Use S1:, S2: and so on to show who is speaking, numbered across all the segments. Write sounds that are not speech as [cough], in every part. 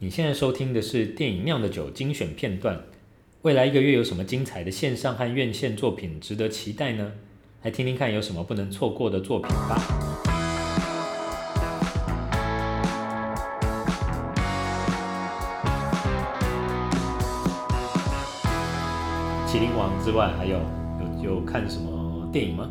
S1: 你現在收聽的是電影《釀的酒》精選片段。未來一個月有什麼精彩的線上和院線作品值得期待呢？來聽聽看有什麼不能錯過的作品吧。《麒麟王》之外，還有有有看什麼電影嗎？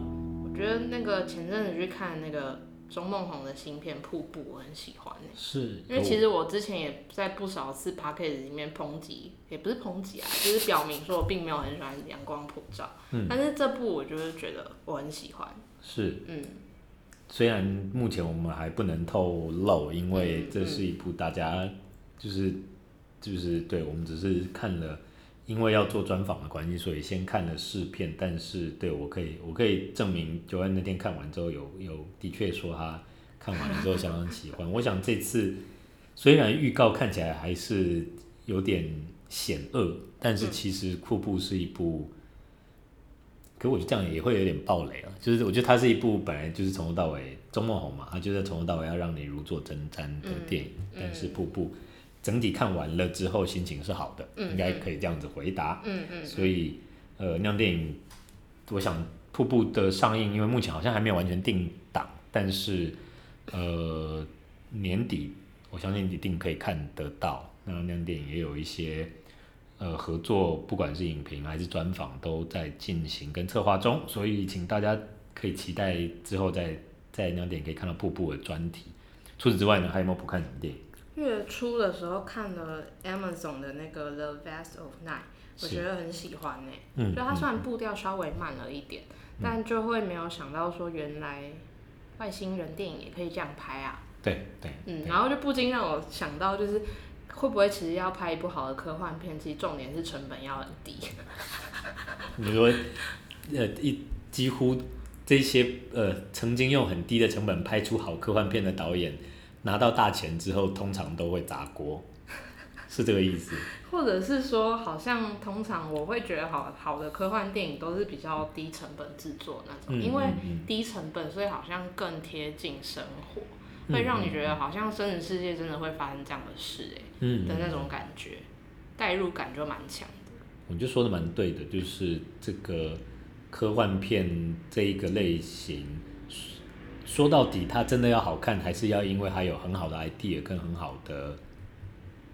S2: 我覺得那個前陣子去看那個。鍾孟宏的新片《瀑布》我很喜歡、欸、是，因為其實我之前也在不少次 packet 裡面抨擊，也不是抨擊啊， [laughs] 就是表明說我並沒有很喜歡《陽光普照》嗯，但是這部我就是覺得我很喜歡。是，嗯，
S1: 雖然目前我們還不能透露，因為這是一部大家就是、嗯嗯、就是、就是、對我們只是看了。因為要做專訪的關係，所以先看了試片。但是，對我可以，我可以證明，九安那天看完之後有，有有的確說他看完之後相當喜歡。 [laughs] 我想這次雖然預告看起來還是有點險惡，但是其實《瀑布》是一部，嗯、可我覺得這樣也會有點暴雷了、啊。就是我覺得它是一部本來就是從頭到尾鍾孟宏嘛，他、啊、就是從頭到尾要讓你如坐針氈的電影，嗯嗯、但是《瀑布》。整體看完了之後，心情是好的，應該可以這樣子回答。嗯嗯。所以，呃，釀電影，我想瀑布的上映，因為目前好像還沒有完全定檔，但是，呃，年底我相信一定可以看得到。那釀電影也有一些，呃，合作，不管是影評還是專訪，都在進行跟策劃中。所以，請大家可以期待之後再在釀點可以看到瀑布的專題。除此之外呢，還有沒有不看什麼電影？
S2: 月初的時候看了 Amazon 的那個 The Vast of Night，我覺得很喜歡呢、欸。所、嗯、它雖然步調稍微慢了一點、嗯，但就會沒有想到說原來外星人電影也可以這樣拍啊。
S1: 對對，
S2: 對，嗯，然後就不禁讓我想到，就是會不會其實要拍一部好的科幻片，其實重點是成本要很低。
S1: [laughs] 你說，呃，一幾乎這些呃曾經用很低的成本拍出好科幻片的導演。拿到大錢之後，通常都會砸鍋， [laughs] 是這個意思。
S2: 或者是說，好像通常我會覺得好好的科幻電影都是比較低成本制作那種嗯嗯嗯，因為低成本，所以好像更貼近生活，會、嗯嗯嗯、讓你覺得好像真人世界真的會發生這樣的事、欸，哎、嗯嗯，的那種感覺，代入感就蠻強
S1: 的。我就說得蠻對的，就是這個科幻片這一個類型。說到底，它真的要好看，還是要因為它有很好的 idea 跟很好的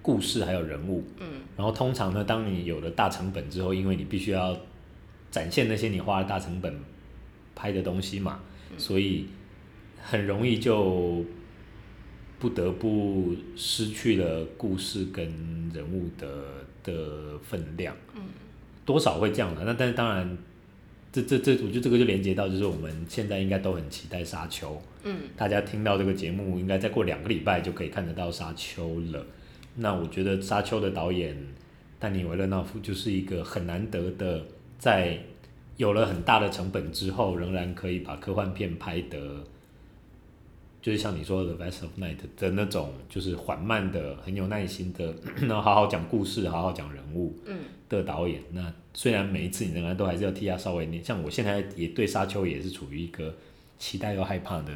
S1: 故事還有人物？嗯。然後通常呢，當你有了大成本之後，因為你必須要展現那些你花了大成本拍的東西嘛，嗯，所以很容易就不得不失去了故事跟人物的的分量。嗯。多少會這樣的，那但當然。這這這，我覺得這個就連接到，就是我們現在應該都很期待《沙丘》，嗯，大家聽到這個節目，應該再過兩個禮拜就可以看得到《沙丘》了。那我覺得《沙丘》的導演丹尼維勒納夫就是一個很難得的，在有了很大的成本之後，仍然可以把科幻片拍得。就是像你說的《The Vast of Night》的那種，就是緩慢的、很有耐心的，然後好好講故事，好好講人物的導演，嗯。那雖然每一次你仍然都還是要替他稍微，像我現在也對《沙丘》也是處於一個期待又害怕的，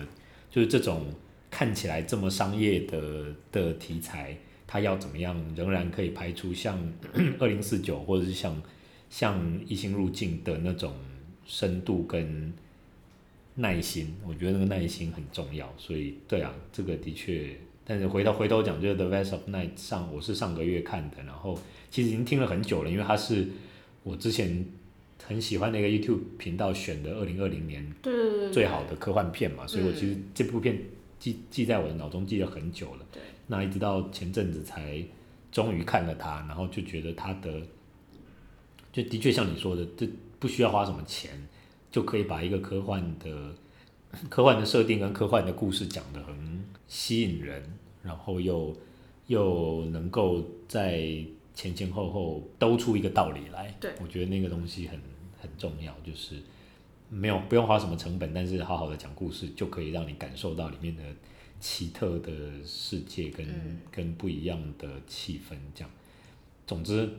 S1: 就是這種看起來這麼商業的的題材，他要怎麼樣仍然可以拍出像《二零四九》2049，或者是像像《異星入境》的那種深度跟。耐心，我覺得那個耐心很重要，所以對啊，這個的確。但是回頭回頭講，就是《The Vast of Night》上，我是上個月看的，然後其實已經聽了很久了，因為它是我之前很喜歡那個 YouTube 頻道選的二零二零年最好的科幻片嘛，所以我其實這部片記記在我的腦中記了很久了。對，那一直到前陣子才終於看了它，然後就覺得它的就的確像你說的，這不需要花什麼錢。就可以把一個科幻的科幻的設定跟科幻的故事講得很吸引人，然後又又能夠在前前後後兜出一個道理來。對，我覺得那個東西很很重要，就是沒有不用花什麼成本，但是好好的講故事就可以讓你感受到裡面的奇特的世界跟、嗯、跟不一樣的氣氛。這樣，總之。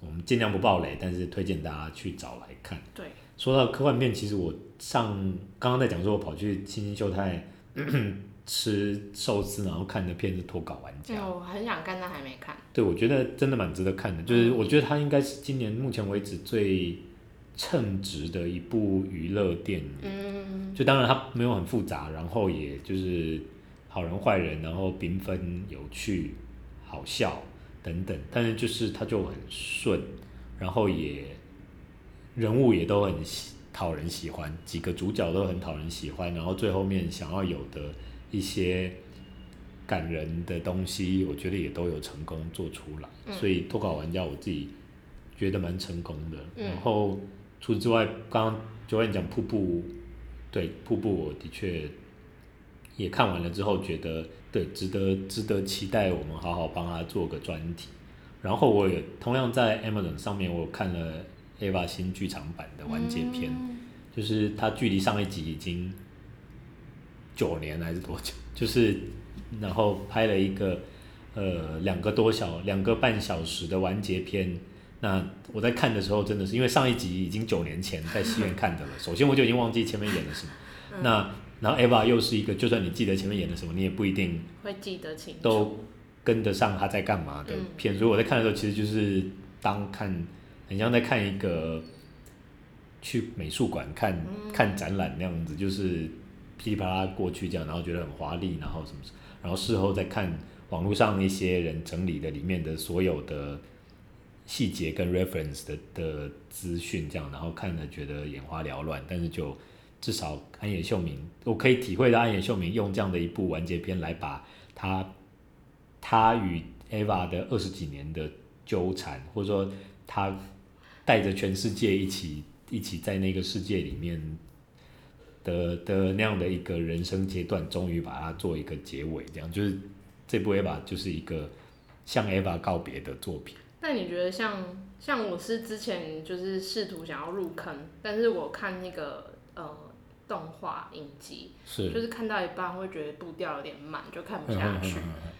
S1: 我們盡量不暴雷，但是推薦大家去找來看。對，說到科幻片，其實我上剛剛在講，說我跑去清新秀泰、嗯、吃壽司，然後看的片是《脫稿玩家》嗯。
S2: 對，我很想看，但還沒
S1: 看。對，我覺得真的蠻值得看的，就是我覺得他應該是今年目前為止最稱職的一部娛樂電影。嗯。就當然他沒有很複雜，然後也就是好人壞人，然後繽紛有趣，好笑。等等，但是就是它就很順，然後也人物也都很討人喜歡，幾個主角都很討人喜歡，然後最後面想要有的一些感人的東西，我覺得也都有成功做出來，嗯、所以《脫稿玩家》我自己覺得蠻成功的、嗯。然後除此之外，剛剛就跟你講《瀑布》，對《瀑布》我的確也看完了之後覺得。對，值得值得期待，我們好好幫他做個專題。然後我也同樣在 Amazon 上面，我看了《EVA》新劇場版的完結篇，嗯、就是它距離上一集已經九年還是多久？就是然後拍了一個呃兩個多小兩個半小時的完結篇。那我在看的時候真的是因為上一集已經九年前在戲院看的了、嗯，首先我就已經忘記前面演了什麼。嗯、那。然後 Eva 又是一個，就算你記得前面演的什麼，你也不一定
S2: 會記得清，都
S1: 跟得上他在幹嘛的片。所、嗯、以我在看的時候，其實就是當看很像在看一個去美術館看、嗯、看展覽那樣子，就是噼里啪啦過去這樣，然後覺得很華麗，然後什麼什麼，然後事後再看網絡上那些人整理的裡面的所有的細節跟 reference 的的資訊這樣，然後看了覺得眼花繚亂，但是就。至少庵野秀明，我可以體會到庵野秀明用這樣的一部完結篇來把他他與 Eva 的二十幾年的糾纏，或者說他帶着全世界一起一起在那個世界裡面的的那樣的一個人生階段，終於把它做一個結尾，這樣，就是這部 Eva 就是一個向 Eva 告別的作品。
S2: 那你覺得像像我是之前就是試圖想要入坑，但是我看那個呃。動畫影集是，就是看到一半會覺得步調有點慢，就看不下去，嗯嗯嗯嗯。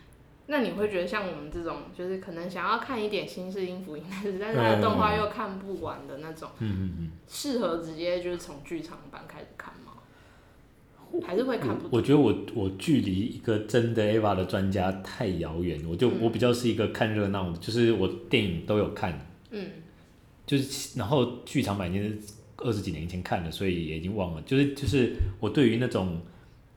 S2: 那你會覺得像我們這種，就是可能想要看一點新世紀福音戰士，但是它的動畫又看不完的那種，嗯嗯嗯，適、嗯、合直接就是從劇場版開始看嗎？還是會看不懂我我？
S1: 我覺得我我距離一個真的 EVA 的專家太遙遠，我就、嗯、我比較是一個看熱鬧的，就是我電影都有看，嗯，就是然後劇場版其是。二十幾年前看的，所以也已經忘了。就是就是，我對於那種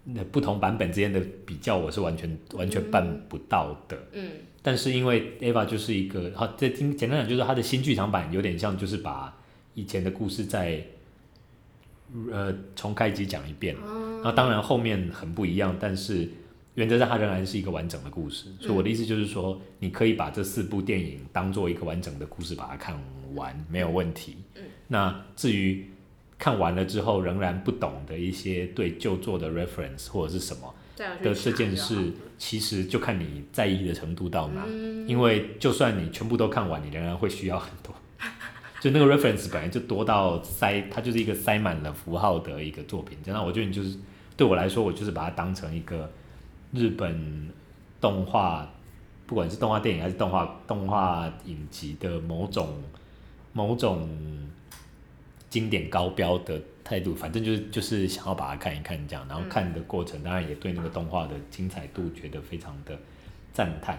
S1: 那不同版本之間的比較，我是完全完全辦不到的。嗯。嗯，但是因為 Eva 就是一個，好，再聽簡單講，就是它的新劇場版有點像，就是把以前的故事再呃重開機講一遍。那、嗯、當然，後面很不一樣，但是原則上它仍然是一個完整的故事。所以我的意思就是說，你可以把這四部電影當做一個完整的故事把它看完，嗯、沒有問題。嗯。那至於看完了之後仍然不懂的一些對舊作的 reference 或者是什麼的這件事，其實就看你在意的程度到哪。因為就算你全部都看完，你仍然會需要很多。就那個 reference 本來就多到塞，它就是一個塞滿了符號的一個作品。真的，我覺得你就是對我來說，我就是把它當成一個日本動畫，不管是動畫電影還是動畫動畫影集的某種某種。經典高標的態度，反正就是就是想要把它看一看這樣，然後看的過程當然也對那個動畫的精彩度覺得非常的讚嘆，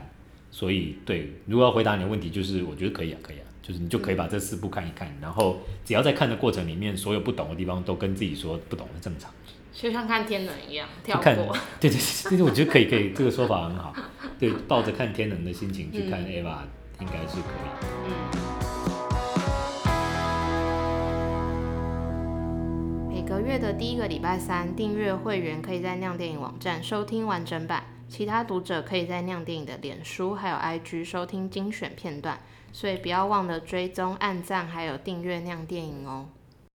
S1: 所以對，如果要回答你的問題，就是我覺得可以啊，可以啊，就是你就可以把這四部看一看，嗯、然後只要在看的過程裡面所有不懂的地方都跟自己說不懂是正常，就
S2: 像看天能一樣跳過，
S1: 就看對，對對，其實我覺得可以可以， [laughs] 這個說法很好，對，抱着看天能的心情去看 Eva 吧、嗯，應該是可以。
S2: 月的第一個禮拜三，訂閱會員可以在釀電影網站收聽完整版，其他讀者可以在釀電影的臉書還有 IG 收聽精選片段，所以不要忘了追蹤、按讚還有訂閱釀電影哦。